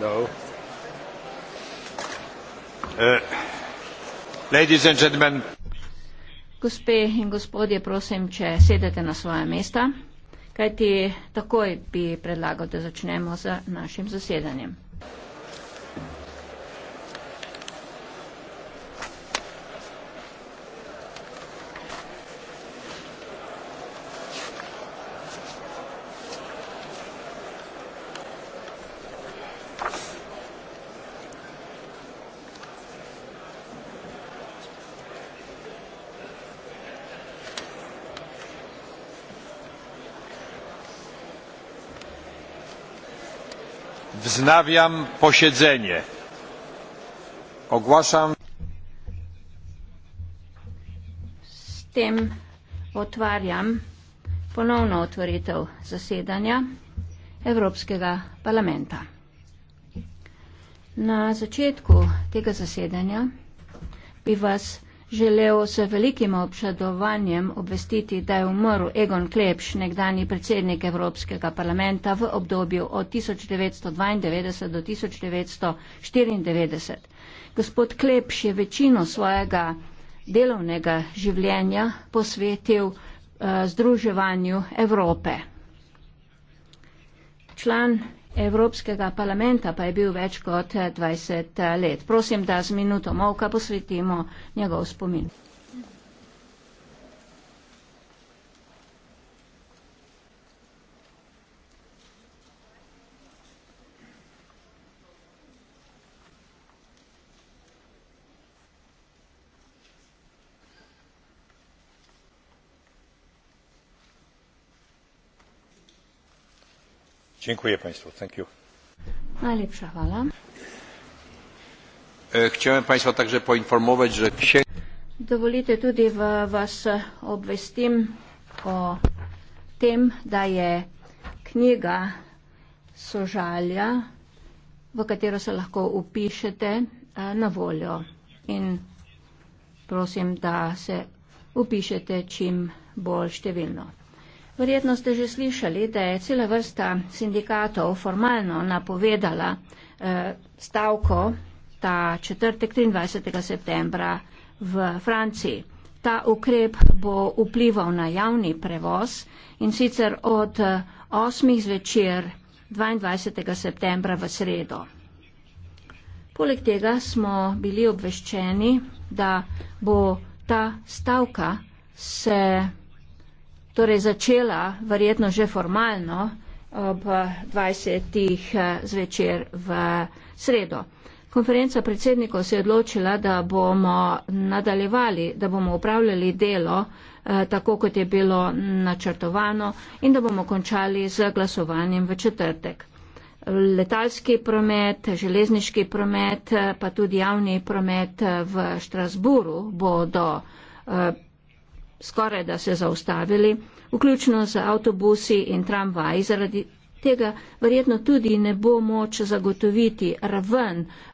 No. Uh, Gospe in gospodje, prosim, če sedete na svoje mesta, kajti takoj bi predlagal, da začnemo z našim zasedanjem. wznawiam posiedzenie ogłaszam z tym otwieram ponowną otwartą zasiedania Europejskiego Parlamentu na początku tego zasiedania by was želel s velikim obšadovanjem obvestiti, da je umrl Egon Klepš, nekdani predsednik Evropskega parlamenta v obdobju od 1992 do 1994. Gospod Klepš je večino svojega delovnega življenja posvetil uh, združevanju Evrope. Član Evropskega parlamenta pa je bil več kot 20 let. Prosim, da z minuto molka posvetimo njegov spomin. Dziękuję Państwu. Thank you. Najlepsza chwała. E, chciałem Państwa także poinformować, że księga... Dovolite tudi v vas obvestim o tem, da je knjiga sožalja, v katero se lahko upišete, e, na voljo. In prosim, da se upišete čim bolj številno. Verjetno ste že slišali, da je cela vrsta sindikatov formalno napovedala eh, stavko ta četrtek 23. septembra v Franciji. Ta ukrep bo vplival na javni prevoz in sicer od 8. Eh, zvečer 22. septembra v sredo. Poleg tega smo bili obveščeni, da bo ta stavka se torej začela verjetno že formalno ob 20. Eh, zvečer v sredo. Konferenca predsednikov se je odločila, da bomo nadaljevali, da bomo upravljali delo eh, tako, kot je bilo načrtovano in da bomo končali z glasovanjem v četrtek. Letalski promet, železniški promet, eh, pa tudi javni promet v Štrasburu bodo skoraj da se zaustavili, vključno z avtobusi in tramvaji, zaradi tega verjetno tudi ne bo moč zagotoviti raven,